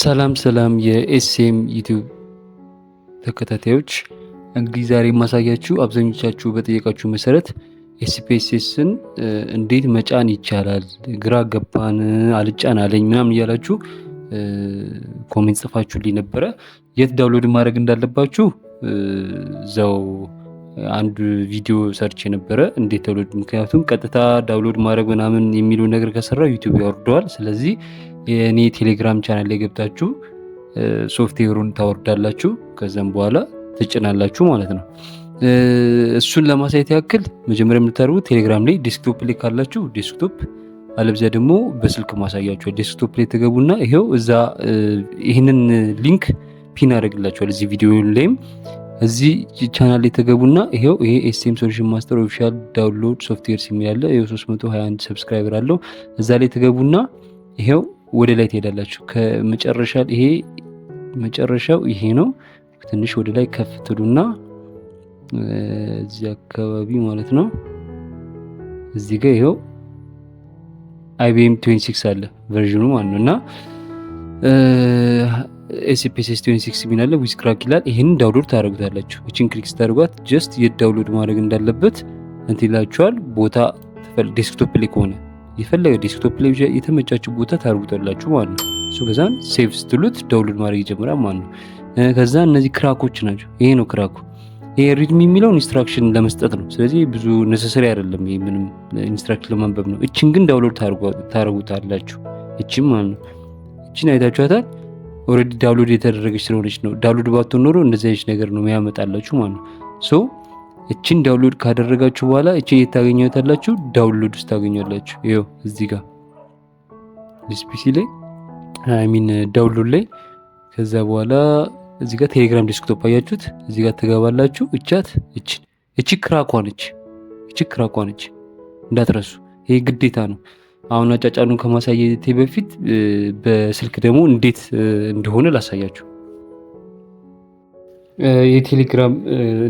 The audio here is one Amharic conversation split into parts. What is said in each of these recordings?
ሰላም ሰላም የኤስኤም ዩቲዩብ ተከታታዮች፣ እንግዲህ ዛሬ የማሳያችሁ አብዛኞቻችሁ በጠየቃችሁ መሰረት ኤስፒኤስኤስን እንዴት መጫን ይቻላል፣ ግራ ገባን፣ አልጫን አለኝ ምናምን እያላችሁ ኮሜንት ጽፋችሁልኝ ነበረ። የት ዳውንሎድ ማድረግ እንዳለባችሁ ዘው አንድ ቪዲዮ ሰርች የነበረ እንዴት ተውሎድ ምክንያቱም ቀጥታ ዳውንሎድ ማድረግ ምናምን የሚለው ነገር ከሰራ ዩቲዩብ ያወርደዋል። ስለዚህ የእኔ ቴሌግራም ቻናል የገብታችሁ ሶፍትዌሩን ታወርዳላችሁ። ከዛም በኋላ ትጭናላችሁ ማለት ነው። እሱን ለማሳየት ያክል መጀመሪያ የምታደርጉት ቴሌግራም ላይ ዴስክቶፕ ላይ ካላችሁ ዴስክቶፕ አለብዚያ ደግሞ በስልክ ማሳያችኋል። ዴስክቶፕ ላይ ትገቡና ይሄው እዛ ይህንን ሊንክ ፒን አደርግላችኋል እዚህ ቪዲዮ ላይም እዚህ ቻናል ላይ ይሄው ይሄ ኤስቲም ሶሉሽን ማስተር ኦፊሻል ዳውንሎድ ሶፍትዌር ሲሚል ያለ ይሄው 321 ሰብስክራይበር አለው። እዛ ላይ የተገቡና ይሄው ወደ ላይ ትሄዳላችሁ። ከመጨረሻ ይሄ መጨረሻው ይሄ ነው። ትንሽ ወደ ላይ ከፍ ትሉና እዚህ አካባቢ ማለት ነው። እዚህ ጋር ይሄው አይቢኤም 26 አለ ቨርዥኑ ማለት ነው እና ኤስፒኤስ ኤስቲን ሲክስ አለ ዊዝ ክራክ ይላል። ይህንን ዳውንሎድ ታደርጉታላችሁ። እችን ክሊክ ስታደርጓት ጀስት የት ዳውንሎድ ማድረግ እንዳለበት እንትን ይላችኋል። ቦታ ዴስክቶፕ ላይ ከሆነ የፈለገ ዴስክቶፕ ላይ የተመቻችሁ ቦታ ታደርጉታላችሁ ማለት ነው። እሱ ከዛን ሴቭ ስትሉት ዳውንሎድ ማድረግ ይጀምራል ማለት ነው። ከዛ እነዚህ ክራኮች ናቸው። ይሄ ነው ክራኩ። ይሄ ሪድሚ የሚለውን ኢንስትራክሽን ለመስጠት ነው። ስለዚህ ብዙ ነሰሰሪ አይደለም። ይሄ ምንም ኢንስትራክሽን ለማንበብ ነው። እችን ግን ዳውንሎድ ታደርጉታላችሁ። እችን ማለት ነው። እችን አይታችኋታል። ኦልሬዲ ዳውንሎድ የተደረገች ስለሆነች ነው። ዳውንሎድ ባትሆን ኖሮ እንደዚህ አይነት ነገር ነው የሚያመጣላችሁ ማለት ነው። ሶ እችን ዳውንሎድ ካደረጋችሁ በኋላ እችን የታገኘታላችሁ ዳውንሎድ ውስጥ ታገኛላችሁ። ይኸው እዚህ ጋር ዲስፒሲ ላይ ሚን ዳውንሎድ ላይ ከዛ በኋላ እዚህ ጋር ቴሌግራም ዴስክቶፕ አያችሁት። እዚህ ጋር ትገባላችሁ። እቻት እችን እቺ ክራኳ ነች። እቺ ክራኳ ነች እንዳትረሱ፣ ይሄ ግዴታ ነው። አሁን አጫጫኑን ከማሳየቴ በፊት በስልክ ደግሞ እንዴት እንደሆነ ላሳያችሁ። የቴሌግራም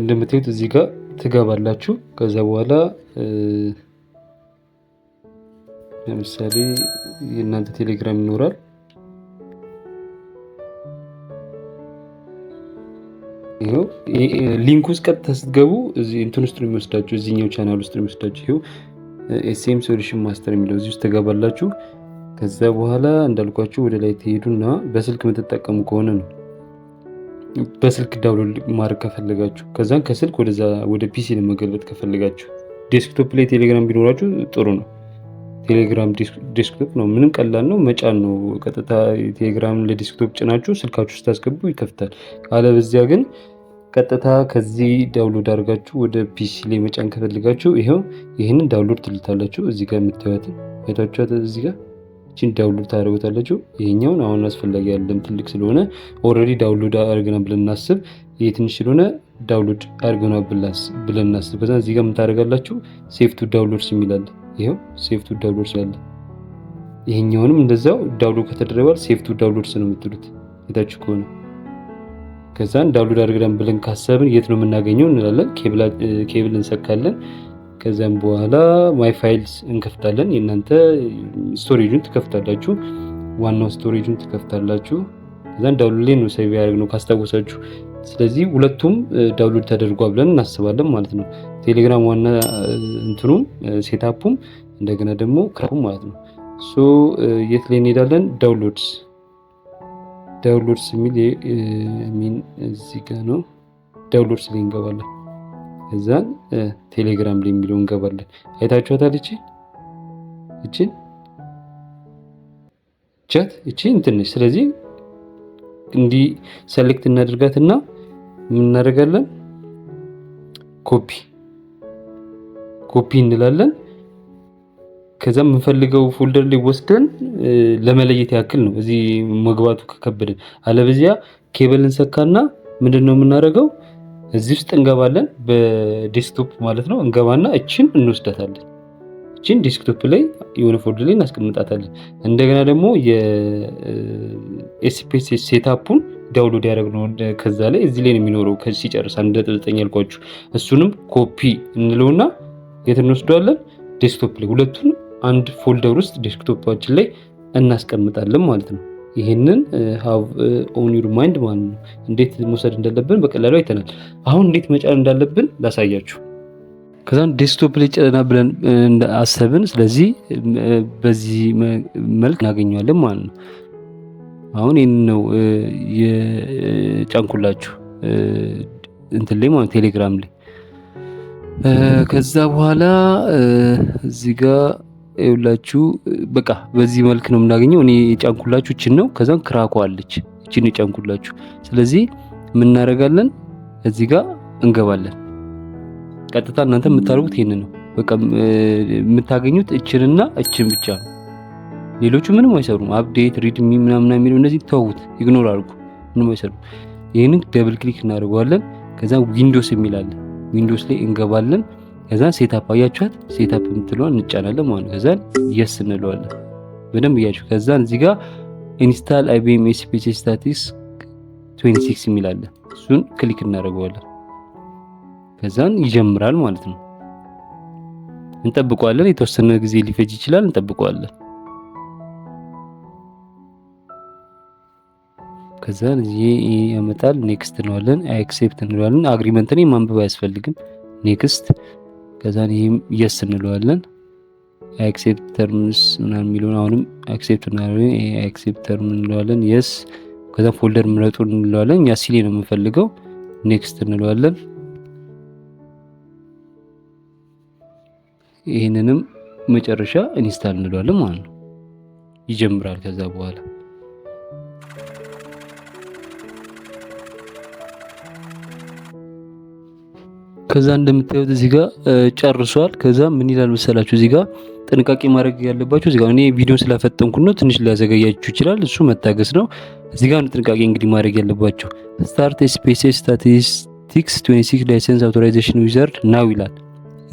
እንደምታዩት እዚህ ጋር ትገባላችሁ። ከዛ በኋላ ለምሳሌ የእናንተ ቴሌግራም ይኖራል። ሊንክ ውስጥ ቀጥታ ስትገቡ እንትን ውስጥ ነው የሚወስዳችሁ፣ እዚህኛው ቻናል ውስጥ ነው የሚወስዳችሁ። ይኸው ኤስኤም ሶሉሽን ማስተር የሚለው እዚህ ውስጥ ትገባላችሁ። ከዛ በኋላ እንዳልኳችሁ ወደ ላይ ትሄዱና በስልክ የምትጠቀሙ ከሆነ ነው በስልክ ዳውንሎድ ማድረግ ከፈለጋችሁ፣ ከዛን ከስልክ ወደዛ ወደ ፒሲ ለመገልበጥ ከፈለጋችሁ ዴስክቶፕ ላይ ቴሌግራም ቢኖራችሁ ጥሩ ነው። ቴሌግራም ዴስክቶፕ ነው፣ ምንም ቀላል ነው፣ መጫን ነው። ቀጥታ ቴሌግራም ለዴስክቶፕ ጭናችሁ ስልካችሁ ስታስገቡ ይከፍታል። አለበዚያ ግን ቀጥታ ከዚህ ዳውንሎድ አድርጋችሁ ወደ ፒሲ ላይ መጫን ከፈልጋችሁ ይኸው ይህንን ዳውንሎድ ትልታላችሁ። እዚህ ጋር የምታዩትን አይታችኋት፣ እዚህ ጋር ይህችን ዳውንሎድ ታደርጉታላችሁ። ይሄኛውን አሁን አስፈላጊ ያለም ትልቅ ስለሆነ ኦልሬዲ ዳውንሎድ አድርገናል ብለን እናስብ። ይሄ ትንሽ ስለሆነ ዳውንሎድ አድርገና ብለን እናስብ። ከዛ እዚህ ጋር የምታደርጋላችሁ ሴቭ ቱ ዳውንሎድስ የሚላለ ይኸው ሴቭ ቱ ዳውንሎድስ ያለ ይሄኛውንም እንደዛው ዳውንሎድ ከተደረባል ሴቭ ቱ ዳውንሎድስ ነው የምትሉት አይታችሁ ከሆነ ከዛ ዳውንሎድ አድርገን ብለን ካሰብን የት ነው የምናገኘው እንላለን። ኬብል እንሰካለን። ከዚያም በኋላ ማይ ፋይልስ እንከፍታለን። የእናንተ ስቶሬጁን ትከፍታላችሁ። ዋናው ስቶሬጁን ትከፍታላችሁ። ከዛን ዳውንሎድ ላይ ነው ሴቭ ነው ካስታወሳችሁ። ስለዚህ ሁለቱም ዳውንሎድ ተደርጓ ብለን እናስባለን ማለት ነው። ቴሌግራም ዋና እንትኑም ሴታፑም እንደገና ደግሞ ክራፉም ማለት ነው። ሶ የት ላይ እንሄዳለን? ዳውንሎድስ ዳውንሎድስ የሚል ሚን እዚህ ጋ ነው። ዳውንሎድስ ላይ እንገባለን። እዛን ቴሌግራም ላይ የሚለው እንገባለን። አይታችኋታል። እቺ እቺን ቻት እቺ እንትንሽ። ስለዚህ እንዲህ ሰሌክት እናደርጋትና ምን እናደርጋለን? ኮፒ ኮፒ እንላለን ከዛ የምንፈልገው ፎልደር ላይ ወስደን ለመለየት ያክል ነው እዚህ መግባቱ ከከበደን። አለበዚያ ኬብል እንሰካና ምንድን ነው የምናደርገው? እዚህ ውስጥ እንገባለን፣ በዴስክቶፕ ማለት ነው። እንገባና እችን እንወስዳታለን። እችን ዴስክቶፕ ላይ የሆነ ፎልደር ላይ እናስቀምጣታለን። እንደገና ደግሞ የኤስፔስ ሴታፑን ዳውንሎድ ያደረግ ነው። ከዛ ላይ እዚህ ላይ ነው የሚኖረው። ከዚህ ሲጨርስ አንድ ነጥብ ዘጠኝ ያልኳችሁ እሱንም ኮፒ እንለውና የት እንወስደዋለን? ዴስክቶፕ ላይ ሁለቱን አንድ ፎልደር ውስጥ ዴስክቶፓችን ላይ እናስቀምጣለን ማለት ነው። ይህንን ሃቭ ኦን ዩር ማይንድ ማለት ነው። እንዴት መውሰድ እንዳለብን በቀላሉ አይተናል። አሁን እንዴት መጫን እንዳለብን ላሳያችሁ። ከዛም ዴስክቶፕ ላይ ጨና ብለን አሰብን። ስለዚህ በዚህ መልክ እናገኘዋለን ማለት ነው። አሁን ይህን ነው የጫንኩላችሁ እንትን ላይ ማለት ቴሌግራም ላይ ከዛ በኋላ እዚህ ጋር ይኸውላችሁ በቃ በዚህ መልክ ነው የምናገኘው። እኔ የጫንኩላችሁ እችን ነው። ከዛም ክራኮ አለች እችን የጫንኩላችሁ። ስለዚህ የምናደርጋለን እዚህ ጋር እንገባለን። ቀጥታ እናንተ የምታደርጉት ይህን ነው። በቃ የምታገኙት እችንና እችን ብቻ ነው። ሌሎቹ ምንም አይሰሩም። አፕዴት ሪድሚ ምናምና የሚለው እነዚህ ተውት፣ ኢግኖር አድርጉ፣ ምንም አይሰሩም። ይህንን ደብል ክሊክ እናደርገዋለን። ከዛ ዊንዶስ የሚላለን ዊንዶስ ላይ እንገባለን። ከዛን ሴታፕ አያችኋት፣ ሴታፕ የምትለዋን እንጫናለን ማለት ነው። ከዛን የስ እንለዋለን በደንብ እያችሁ። ከዛን እዚህ ጋር ኢንስታል አይቢኤም ኤስፒሲ ስታቲስ 26 የሚላለን እሱን ክሊክ እናደርገዋለን። ከዛን ይጀምራል ማለት ነው። እንጠብቀዋለን። የተወሰነ ጊዜ ሊፈጅ ይችላል። እንጠብቀዋለን። ከዛን እዚህ ያመጣል። ኔክስት እንለዋለን። አክሴፕት እንለዋለን። አግሪመንትን ማንበብ አያስፈልግም። ኔክስት ከዛን ይህም የስ እንለዋለን። አክሴፕት ተርምስ ምናምን የሚለውን አሁንም አክሴፕት እናደርጋለን። አክሴፕት ተርም እንለዋለን። የስ ከዛ ፎልደር ምረጡ እንለዋለን። እኛ ሲሌ ነው የምንፈልገው። ኔክስት እንለዋለን። ይህንንም መጨረሻ ኢንስታል እንለዋለን ማለት ነው። ይጀምራል ከዛ በኋላ ከዛ እንደምታዩት እዚህ ጋር ጨርሷል። ከዛ ምን ይላል መሰላችሁ እዚህ ጋር ጥንቃቄ ማድረግ ያለባችሁ እዚህ ጋር እኔ ቪዲዮ ስላፈጠንኩ ነው ትንሽ ሊያዘገያችሁ ይችላል። እሱ መታገስ ነው። እዚህ ጋር ጥንቃቄ እንግዲህ ማድረግ ያለባችሁ ስታርት ስፔስ ስታቲስቲክስ 26 ላይሰንስ አውቶራይዜሽን ዊዘርድ ናው ይላል።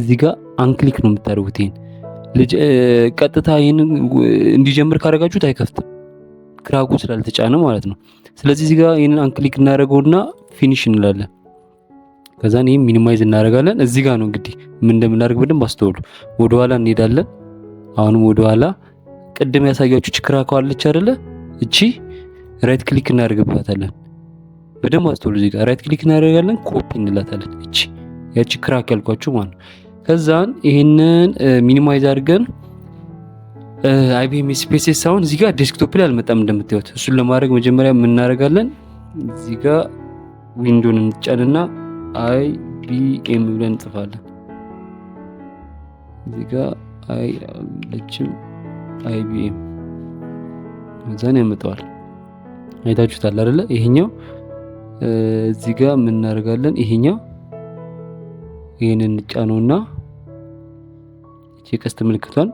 እዚህ ጋር አንክሊክ ነው የምታደርጉት። ይሄን ቀጥታ ይህን እንዲጀምር ካደረጋችሁት አይከፍትም፣ ክራጉ ስላልተጫነ ማለት ነው። ስለዚህ እዚህ ጋር ይህንን አንክሊክ እናደርገውና ፊኒሽ እንላለን። ከዛ ይህም ሚኒማይዝ እናደርጋለን። እዚህ ጋር ነው እንግዲህ ምን እንደምናደርግ በደንብ አስተውሉ። ወደኋላ እንሄዳለን። አሁንም ወደኋላ ቅድም ያሳያችሁ ችክራ ከዋለች አይደለ? እቺ ራይት ክሊክ እናደርግባታለን። በደንብ አስተውሉ። እዚህ ጋር ራይት ክሊክ እናደርጋለን፣ ኮፒ እንላታለን። እቺ ያቺ ክራክ ያልኳችሁ ማለት ነው። ከዛን ይሄንን ሚኒማይዝ አድርገን አይቢኤም ስፔስ አሁን እዚህ ጋር ዴስክቶፕ ላይ አልመጣም እንደምታዩት። እሱን ለማድረግ መጀመሪያ ምን እናደርጋለን? እዚህ ጋር ዊንዶውን እንጫንና አይ ቢ ኤም ብለን እንጽፋለን። እዚህ ጋ አይ አለችም አይ ቢ ኤም እዛን ያመጣዋል። አይታችሁታል አይደለ? ይሄኛው እዚህ ጋ ምን እናደርጋለን? ይሄኛው ይሄንን እንጫነውና የቀስት ምልክቷን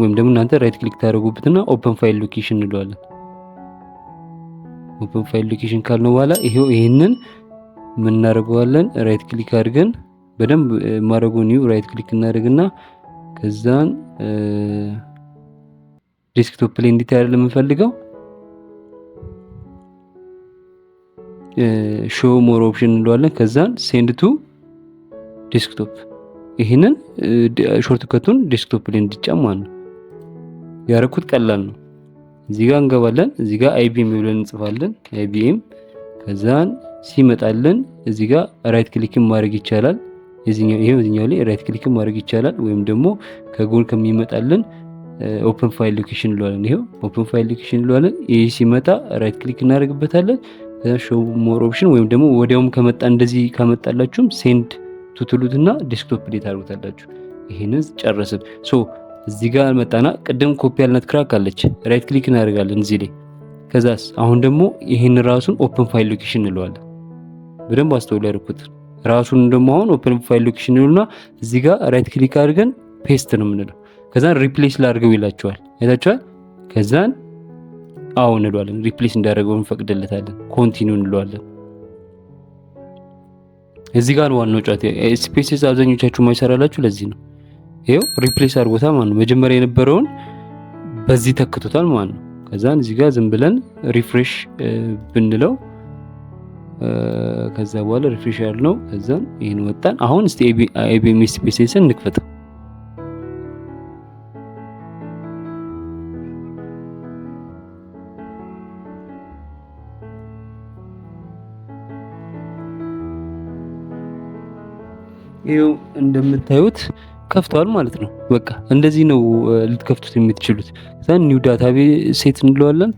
ወይም ደግሞ እናንተ ራይት ክሊክ ታደርጉበትና ኦፕን ፋይል ሎኬሽን እንለዋለን። ኦፕን ፋይል ሎኬሽን ካልነው በኋላ ይሄው ይህንን እናደርገዋለን ራይት ክሊክ አድርገን በደንብ ማድረጉን ኒው ራይት ክሊክ እናደርግና ከዛን ዴስክቶፕ ላይ እንዴት ያለ የምንፈልገው ሾ ሞር ኦፕሽን እንለዋለን። ከዛን ሴንድ ቱ ዴስክቶፕ ይህንን ከቱን ዴስክቶፕ ላይ እንዲጫን ማለት ነው ያረኩት። ቀላል ነው። እዚህ ጋር እንገባለን። እዚህ ጋር አይቢኤም ብለን እንጽፋለን። አይቢኤም ከዛን ሲመጣልን እዚህ ጋር ራይት ክሊክን ማድረግ ይቻላል። ይሄው እዚኛው ላይ ራይት ክሊክን ማድረግ ይቻላል። ወይም ደግሞ ከጎን ከሚመጣልን ኦፕን ፋይል ሎኬሽን እንለዋለን። ይሄው ኦፕን ፋይል ሎኬሽን እንለዋለን። ይህ ሲመጣ ራይት ክሊክ እናደርግበታለን። ሾ ሞር ኦፕሽን ወይም ደግሞ ወዲያውም ከመጣ እንደዚህ ካመጣላችሁም ሴንድ ቱትሉት እና ዴስክቶፕ ዴት ታርጉታላችሁ። ይህንን ጨረስን። ሶ እዚህ ጋር መጣና ቅድም ኮፒ ያልናት ክራክ አለች። ራይት ክሊክ እናደርጋለን እዚህ ላይ ከዛስ አሁን ደግሞ ይህን ራሱን ኦፕን ፋይል ሎኬሽን እንለዋለን። በደንብ አስተውላርኩት ራሱን ደግሞ አሁን ኦፕን ፋይል ሎኬሽን ይሉና እዚህ ጋር ራይት ክሊክ አድርገን ፔስት ነው የምንለው። ከዛን ሪፕሌስ ላድርገው ይላቸዋል። አይታችኋል? ከዛን አዎ እንለዋለን። ሪፕሌስ እንዳደረገው እንፈቅድለታለን። ኮንቲኒው እንለዋለን። እዚህ ጋር ዋናው ጨዋታ ስፔስስ አብዛኞቻችሁ ማይሰራላችሁ ለዚህ ነው። ይሄው ሪፕሌስ አድርጎታ ማለት ነው። መጀመሪያ የነበረውን በዚህ ተክቶታል ማለት ነው። ከዛን እዚህ ጋር ዝም ብለን ሪፍሬሽ ብንለው ከዛ በኋላ ሪፍሬሽ ነው። ከዛም ይህን ወጣን። አሁን እስቲ ኤቢኤምኤስ ፔሴስን እንክፈተው። ይኸው እንደምታዩት ከፍተዋል ማለት ነው። በቃ እንደዚህ ነው ልትከፍቱት የምትችሉት። ከዛን ኒው ዳታ ሴት እንለዋለን።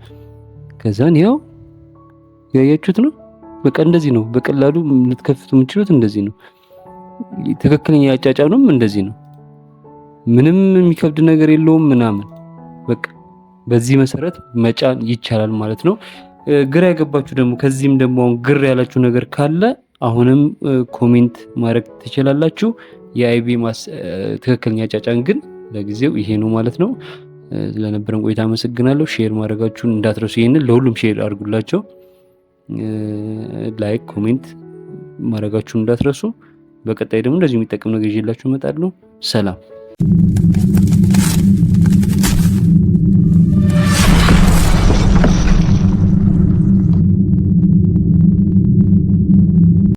ከዛን ያው ያያችሁት ነው በቃ እንደዚህ ነው። በቀላሉ ልትከፍቱ የምችሉት እንደዚህ ነው። ትክክለኛ ያጫጫኑም እንደዚህ ነው። ምንም የሚከብድ ነገር የለውም ምናምን በቃ በዚህ መሰረት መጫን ይቻላል ማለት ነው። ግራ ያገባችሁ ደግሞ ከዚህም ደግሞ አሁን ግር ያላችሁ ነገር ካለ አሁንም ኮሜንት ማድረግ ትችላላችሁ። የአይቢ ትክክለኛ ጫጫን ግን ለጊዜው ይሄ ነው ማለት ነው። ስለነበረን ቆይታ አመሰግናለሁ። ሼር ማድረጋችሁን እንዳትረሱ። ይህንን ለሁሉም ሼር አድርጉላቸው። ላይክ፣ ኮሜንት ማድረጋችሁን እንዳትረሱ። በቀጣይ ደግሞ እንደዚሁ የሚጠቅም ነገር ይዤላችሁ እመጣለሁ። ሰላም